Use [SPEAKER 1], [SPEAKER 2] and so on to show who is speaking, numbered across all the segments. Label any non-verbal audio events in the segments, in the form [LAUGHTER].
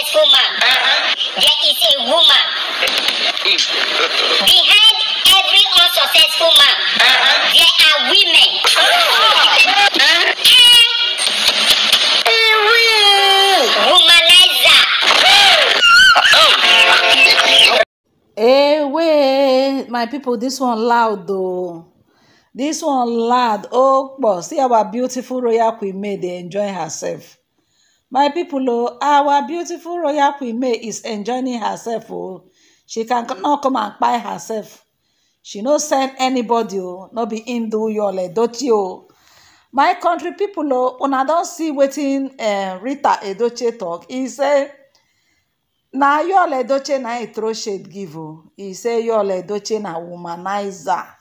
[SPEAKER 1] businesswoman. Uh-huh. There is a woman. Behind every unsuccessful man, uh-huh. there are women. Uh-huh. Womanizer. Hey, my people, this one loud though. This one loud, oh, boss. See our beautiful royal queen made they enjoy herself. My people, oh, our beautiful royal Queen May is enjoying herself. Oh. She can not come and buy herself. She no send anybody, oh, No be Hindu, Yole, Dochi. Oh. My country people, oh, when I don't see wetin uh, Rita Edochie talk. He say, na Yul Edochie na e throw shade give oh. He say Yul Edochie na womanizer.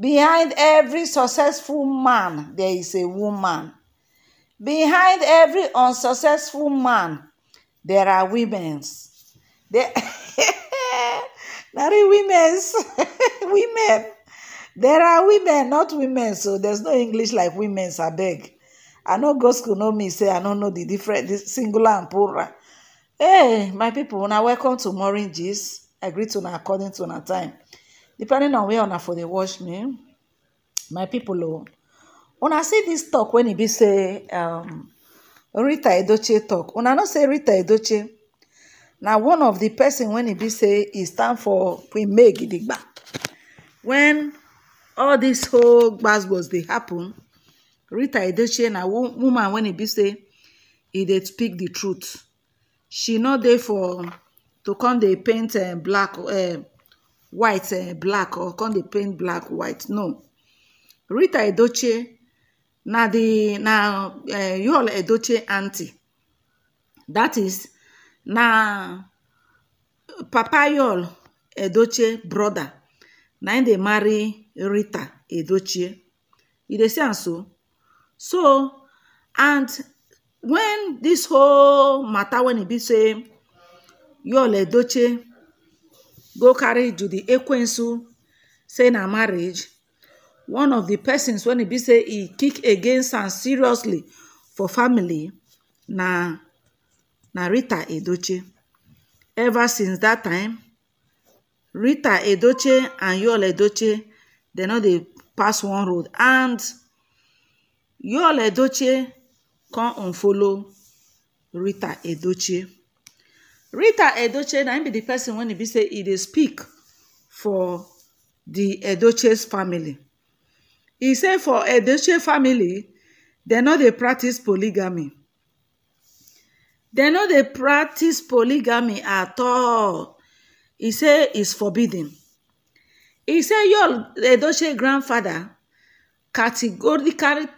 [SPEAKER 1] Behind every successful man, there is a woman. Behind every unsuccessful man, there are women's. There, [LAUGHS] women's, [LAUGHS] women. There are women, not women. So there's no English like women's. I beg. I know go school know me say I don't know the different the singular and plural. Hey, my people, now welcome to morning. G's. I greet you according to our time. Depending on where on for the watch me, my people. Oh, una see this talk when e be say um, rita edoche talk una know say rita edoche na one of the person when e be say e stand for queen may gidigba When all this whole gbasgbos dey happen rita edoche na woman when e be say e dey speak the truth she no dey for to come dey paint eh, black eh, white eh, black or come dey paint black white no rita edoche na the na uh, eh, Yul Edochie auntie, that is na Papa Yul Edochie brother na him dey marry Rita Edochie you dey see am so so and when this whole matter when e be say Yul Edochie go carry Judy Ekwensu say na marriage one of the persons when e be say he kick against am seriously for family na na rita edoche ever since that time rita edoche and yul edoche dem no dey pass one road and yul edoche come unfollow rita edoche rita edoche na im be the person when he be say he dey speak for the edoches family He said, for edoche family they no dey practice polygamy They no dey practice polygamy at all He said, "It's forbidden He said, your edoche grandfather categorically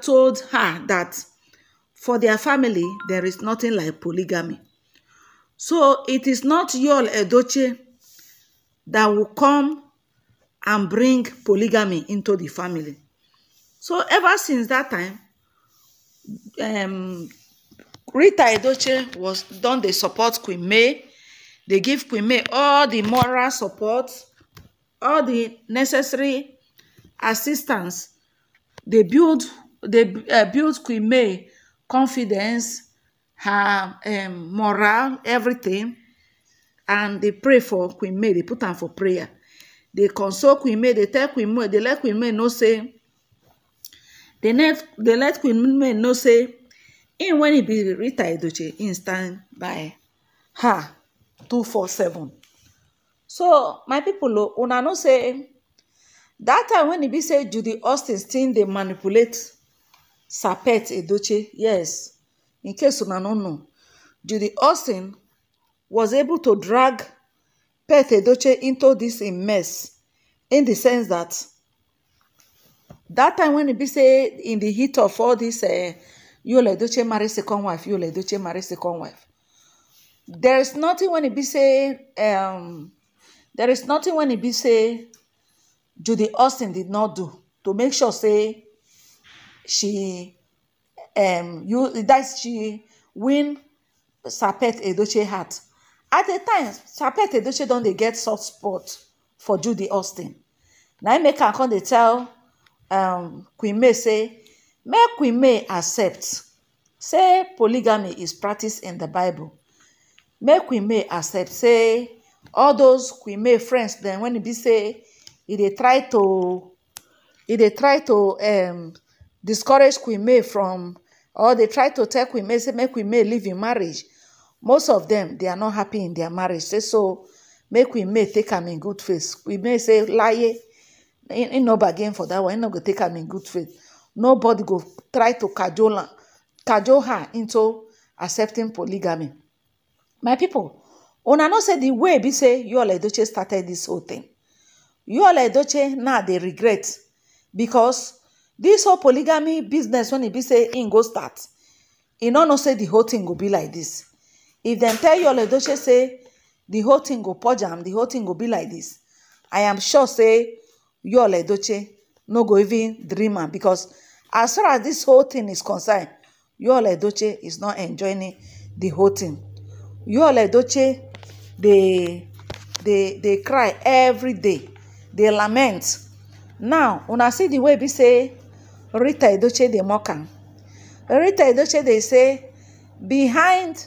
[SPEAKER 1] told her that for their family there is nothing like polygamy so it is not your edoche that will come and bring polygamy into the family. So ever since that time, um, Rita Edochie was done they support Queen May. They give Queen May all the moral support, all the necessary assistance. They build they uh, build Queen May confidence, her um, morale, everything, and they pray for Queen May. They put her for prayer. dey console queen may dey tell queen may dey let queen may know say dey let queen may know say im wen e be rita edochie im stand by her two four seven so my pipo oh, una know say That time when e be say judy austin still dey manipulate sapet edochie yes in case una no know judy austin was able to drag pet edoche into this im mess in the sense that that time when e be say in the heat of all this, dis eh, yul edoche marry second wife yul edoche marry second wife there is nothing when e be say um there is nothing when e be say judy austin did not do to make sure say she um you that she win sapet edoche heart at the time chapet edoche don dey get soft spot for judy austin Now, im make am come dey tell um, queen may say make queen may accept say polygamy is practiced in the bible make queen may accept say all those queen may friends Then, when e be say e they try to e they try to um, discourage queen may from or they try to tell queen may say make queen may leave im marriage most of them, they are not happy in their marriage say so make we may take am in good faith we may say lie him no bargain for that one him no go take them in good faith nobody go try to cajole her into accepting polygamy my pipo una know say the way be say yool edoche started this whole thing You yool edoche now they regret because this whole polygamy business when it be say in go start e no know say the whole thing go be like this if they tell you oledoche say the whole thing go purge am whole thing go be like this, i am sure say you oledoche no go even dream am as far as this whole thing is concerned you doche is not enjoying the whole thing you they they they cry every day they lament now when I see the way they say rita edoche they mock am rita edoche they say behind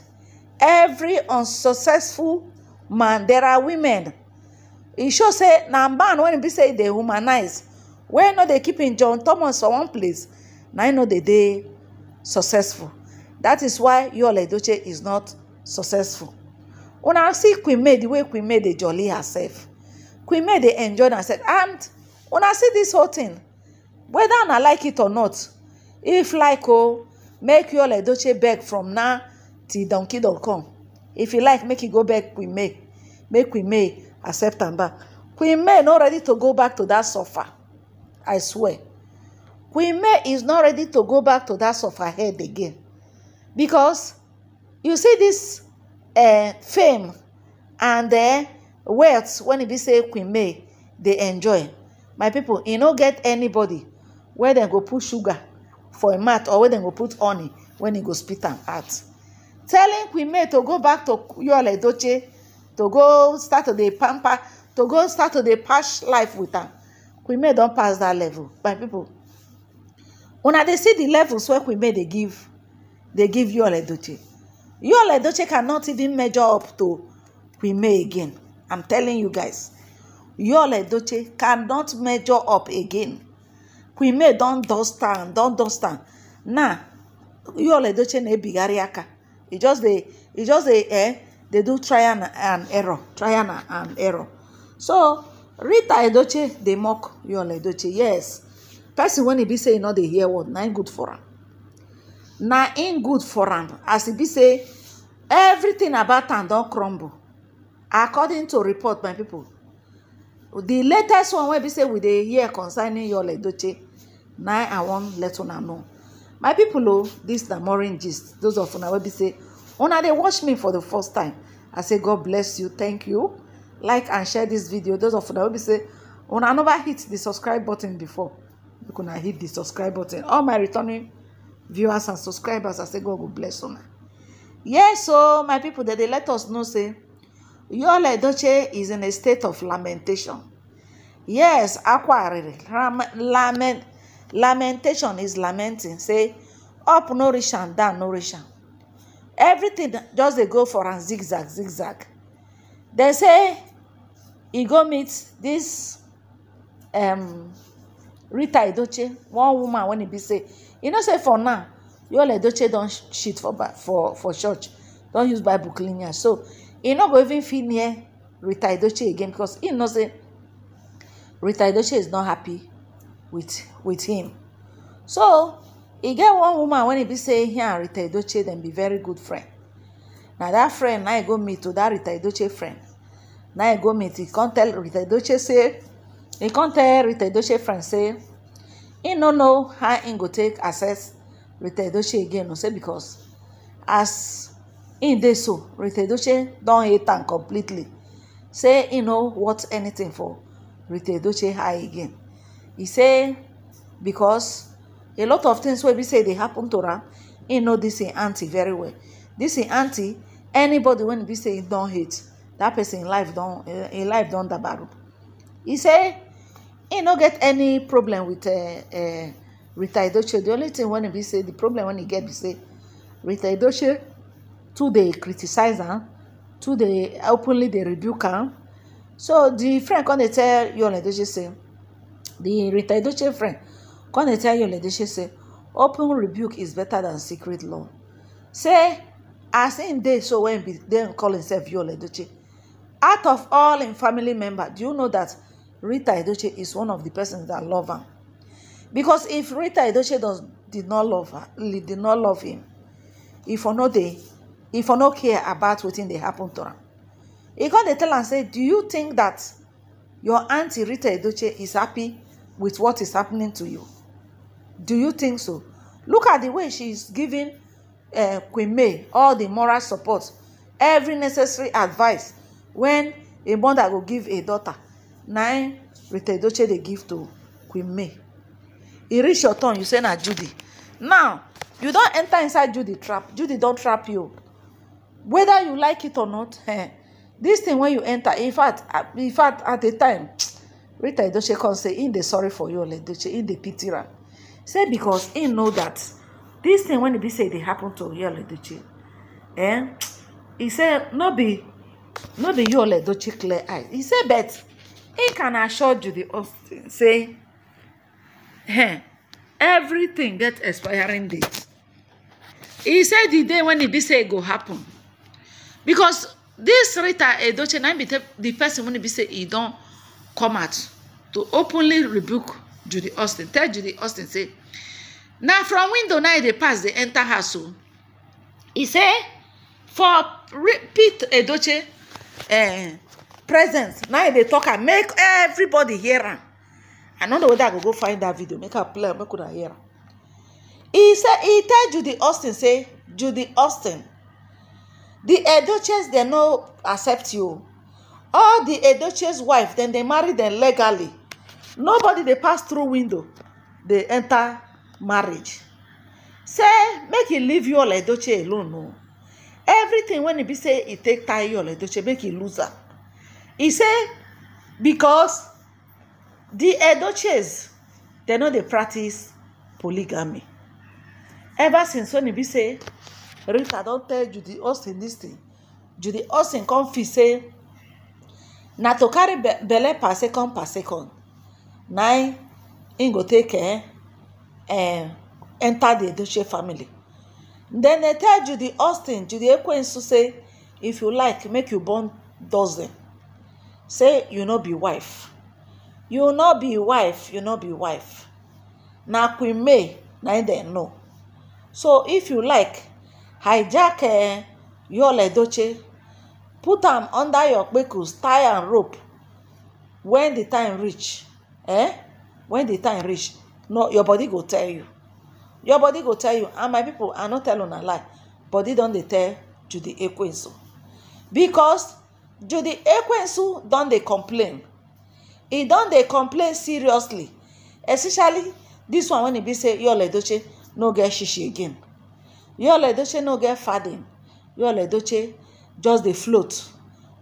[SPEAKER 1] every unsuccessful man there are women e show say na man wen e be say e dey humanize wey no dey keep im john thomas for one place na im e no dey dey successful that is why yul edochie is not successful una see queen may the way queen may dey jolly herself queen may dey enjoy herself and una see this whole thing whether una like it or not if like o make yul edochie beg from now till donkey don't come if you like make you go back queen may make queen may accept am back queen may not ready to go back to that sofa. i swear queen may is not ready to go back to that sofa head again because you see this eh, fame and uh, wealth when it be say queen may they enjoy my people, e no get anybody Where they go put sugar for a mat, or where they go put honey when he go spit and out telling Queen May to go back to Yul Doche, to go start to the pamper to go start to the patch life with her. Queen May not pass that level my people When they see the levels where Queen May give they give Yul Edochie Yul Edochie cannot even measure up to Queen May again i'm telling you guys Yul Edochie cannot measure up again Queen May do dust don't dust am now Yul Edochie na-ebigharị aka e just dey e just dey eh dey do trial and error trial and error so rita edoche dey mock yul edoche yes person when e be say e no dey hear word na im good for am na im good for am as e be say everything about am don crumble according to report my people the latest one wey be say we dey hear concerning yul edoche na i wan let una know my people oh this the morning gist those of una wey be say Ona, they watch me for the first time i say god bless you thank you like and share this video those of una wey be say I never hit the subscribe button before you una hit the subscribe button all my returning viewers and subscribers i say god will bless you." yes so my people, that they let us know say "Your edoche is in a state of lamentation yes akwa Lament. lamentation is lamenting say up no reach am down no reach am everything just dey go for am zigzag zigzag dem say e go meet this um, rita edoche one woman wen e be say you know say for now yul edoche don shit for for for church don use bible clean am so e no go even fit near rita edoche again because e know say rita edoche is not happy with with him so e get one woman wen e be say him and rita edoche dem be very good friend na dat friend na e go meet to dat rita edoche friend na e go meet e con tell rita edoche say e con tell rita edoche friend say e no know how e go take access rita edoche again No say because as e dey so rita edoche don hate am completely say e no want anything for rita edoche eye again He say because a lot of things when be say they happen to her, he know this him auntie very well This him auntie anybody when be say don't hit that person in life don't in life don't don dabaru He say he no get any problem with rita eh, eh, idoche the only thing when he say the problem when he get be say rita to the criticizer criticize the openly the rebuke am so the friend come dey tell your edoche say The Rita Edochie friend, come dey tell Yul Edochie say, open rebuke is better than secret law. Say, as im dey so when be dem call himself Yul Edochie, out of all im family members, do you know that Rita Edochie is one of the persons that love am? Because if Rita Edochie does, did not love her, did not love him, if for no dey, if for no care about wetin dey happen to am. He come dey tell am say, do you think that your aunty Rita Edochie is happy with what is happening to you. Do you think so? Look at the way she is giving uh, Queen May all the moral support, every necessary advice when a mother will give a daughter. Nine Rita Doche, dey give to Queen May. It reach your turn, you say na Judy. Now, you don't enter inside Judy trap. Judy don't trap you. Whether you like it or not, eh, this thing when you enter, in fact, in fact, at the time, rita edoche come say in the sorry for yul edoche in the pity am say because he know that this thing when e be say they happen to yul edoche eh he said no be no be yul edoche clear eye He said but he can assure you the austin say eh everything get expiring date He said the day when he be say e go happen because this rita edoche na im be di person when he be say he don't come out to openly rebuke judy austin tell judy austin say now from window now they pass dey enter house o oh. e say for repeat edoche uh, eh, presence Now e dey talk and make everybody hear am i no know whether i go go find that video make i play am make una hear am e say he tell judy austin say judy austin the edoches they no accept you oh all the edochie's wife then they marry them legally nobody they pass through window they enter marriage say make e leave your edochie alone no. everything when he be say he take tie your edochie make e lose am e say because the edochies they know they practice polygamy ever since when he be say rita don tell judy austin this thing judy austin come feel say na to carry belle per second per second na im go take eh, eh, enter the edochie family dem dey tell judy austin judy ekwensu say if you like make you born dozen say you no be wife you no be wife you no be wife na queen may na im dem know so if you like hijack eh, your yul edochie put am under your kpekus tie am rope when the time reach eh when the time reach no your body go tell you your body go tell you and my people i no tell una lie body don dey tell judy ekwensu because judy ekwensu don dey complain e don dey complain seriously especially this one when e be say yul edochie no get shishi again yul edochie no get fadding yul edochie just they float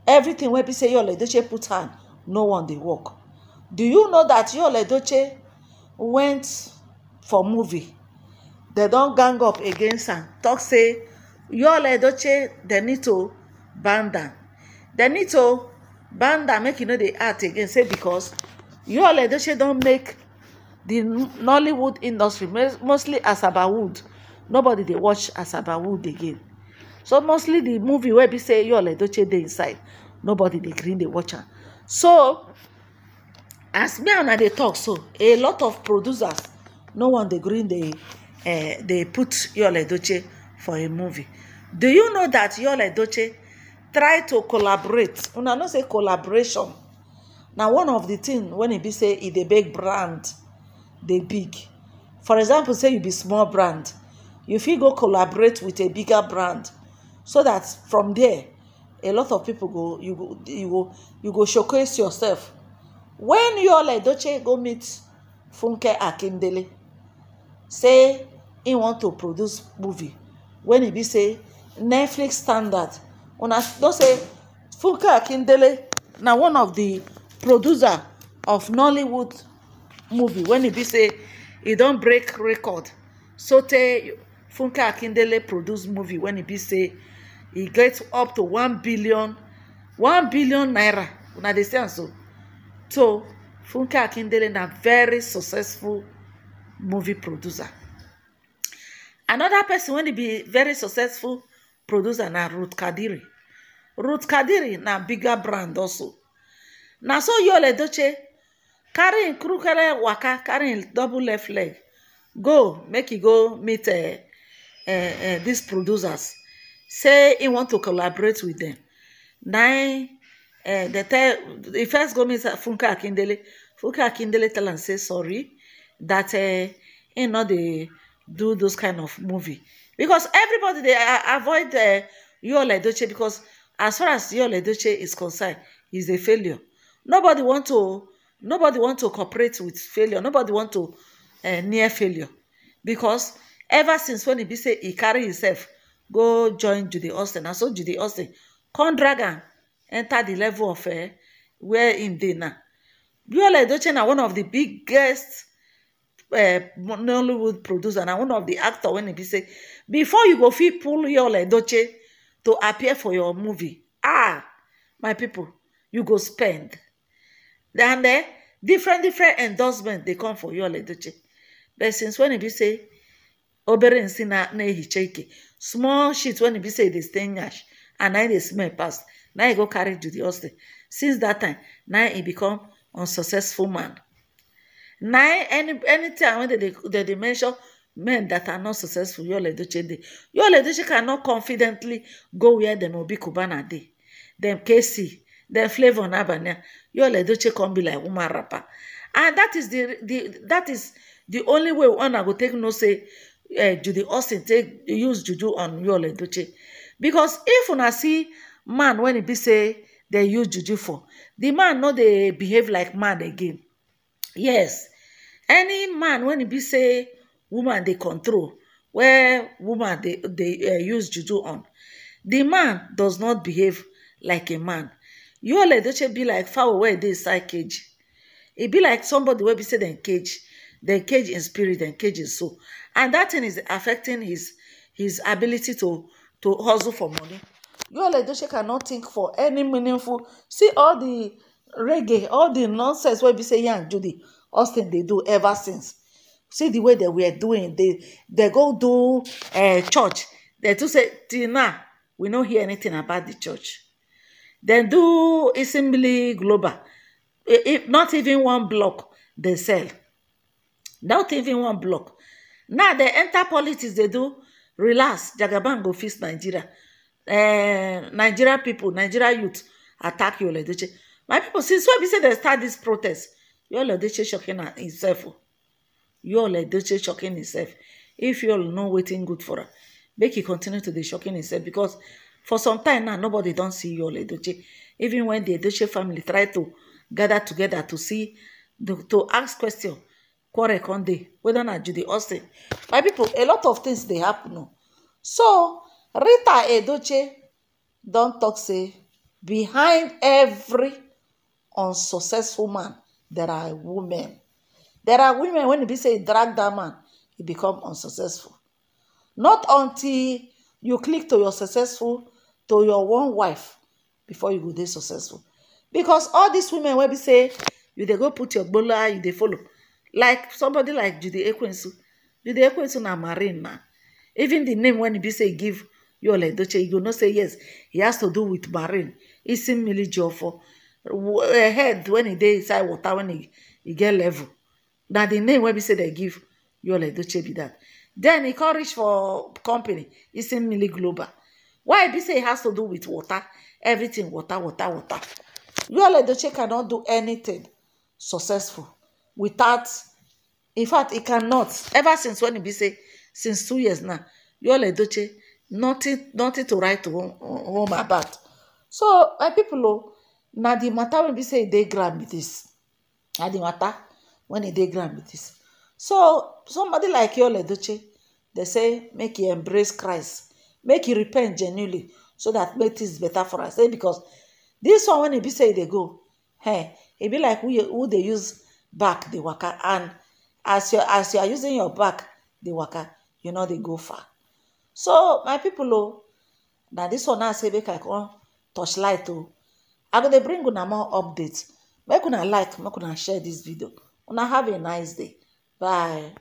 [SPEAKER 1] everything wey be say your ledoche put hand no one they work do you know that your ledoche went for movie They don't gang up against am talk say your ledoche they need to ban them. They need to ban them, make you e know they act again say because your ledoche don't make the nollywood industry mostly asaba wood nobody they watch asaba wood again so mostly the movie where be say yall doche they inside nobody dey green they watch her. so as me and i they talk so a lot of producers no one dey gree they eh, put yall doche for a movie do you know that yall doche try to collaborate una know say collaboration Now one of the tin when e be say it a big brand they big for example say you be small brand you feel go collaborate with a bigger brand so that from there a lot of people go you go you go you go showcase yourself when Yul Edochie go meet Funke Akindele say he want to produce movie when he be say Netflix standard una don say Funke Akindele na one of the producer of Nollywood movie when he be say he don break record So sotey Funke Akindele produce movie when he be say e get up to 1 billion 1 billion naira so funke akindele na very successful movie producer another person wey be very successful producer na ruth kadiri ruth kadiri na bigger brand also na so yole edoche carry im krukere waka carry im double left leg go make e go meet dis eh, eh, eh, producers. say he want to collaborate with them. na uh, eh, they tell the first government funke akindele funke akindele tell and say sorry that uh, he not dey do those kind of movie because everybody they uh, avoid uh, eh, yul edochie because as far as your ledoche is concerned he's a failure nobody want to nobody want to cooperate with failure nobody want to uh, near failure because ever since when he be say he carry himself go join judy austin na so judy austin come drag am enter the level of eh, where im dey now biola edoche na one of the biggest eh, nollywood producer na one of the actor when e be say before you go fit pull biola edoche to appear for your movie ah my people, you go spend and then eh, different different endorsement dey come for biola edoche but since when e be say obere nsị na-ehicha ike small shit wen e be say e dey stain ash and na e dey smell pass na e go carry to the hostel since that time na e become unsuccessful man na any anytime when dem dey dey mention men that are not successful yul edochie dey yul edochie cannot confidently go where dem obi cubana dey dem kc dem flavour n'abalị yul edochie come be like woman rapper and that is the the that is the only way una go take know say uh, judy austin take use juju on your edoche because if una see man when he be say they use juju for the man no they behave like man again yes any man when he be say woman they control where woman they dey eh, use juju on The man does not behave like a man Your edoche be like far away. This inside cage It e be like somebody wey be say dem cage then cage in spirit, then cage in soul. And that thing is affecting his his ability to to hustle for money. Yul Edochie cannot think for any meaningful. See all the reggae, all the nonsense wey we say Yan Judy Austin they do ever since. See the way they were doing. They they go do uh, church. They too say till we don't hear anything about the church. Dem do assembly global. If e, e, not even one block they sell. not even one block now they enter politics they do relax jagaban go fix nigeria uh, nigeria people, nigeria youth attack yolo edoche my people, since when we say they start this protest yolo edoche shocking himself o yolo edoche shocking himself if yolo know waiting good for her, make e continue to dey shocking himself because for some time now nobody don't see yolo edoche even when the edoche family try to gather together to see to ask question quarrel come dey whether na judy austin my people. a lot of things they happen so rita edoche Don't talk say behind every unsuccessful man there are women there are women when e say e drag that man he become unsuccessful not until you click to your successful to your one wife before you go there successful because all these women wey be say you they go put your gbola you they follow like somebody like jude ekwensu jude ekwensu na marine na even the name when e be say give yul edoche you go know say yes He has to do with marine He mmiri ji ọfọ head when he day inside water when he get level na the name when be say they give yul edoche be that then he come reach for company isi mmiri global why e be say he has to do with water everything water water water yul edoche cannot do anything successful without in fact e cannot ever since when e be say since two years now yul edoche nothing nothing to write to home about so my people, o oh, na the matter wey be say they grab ground be dis na di mata wen e dey e this. so somebody like yul edoche they say make you e embrace christ make you e repent genuinely so that make things better for us say eh, because this one when e be say they go hey, eh, e be like who who they use back the worker and as you as you are using your back the waka you know they go far so my people oh, now this one I say make i come touch light to. Oh. i go bring una more updates make una like make una share this video una have a nice day bye.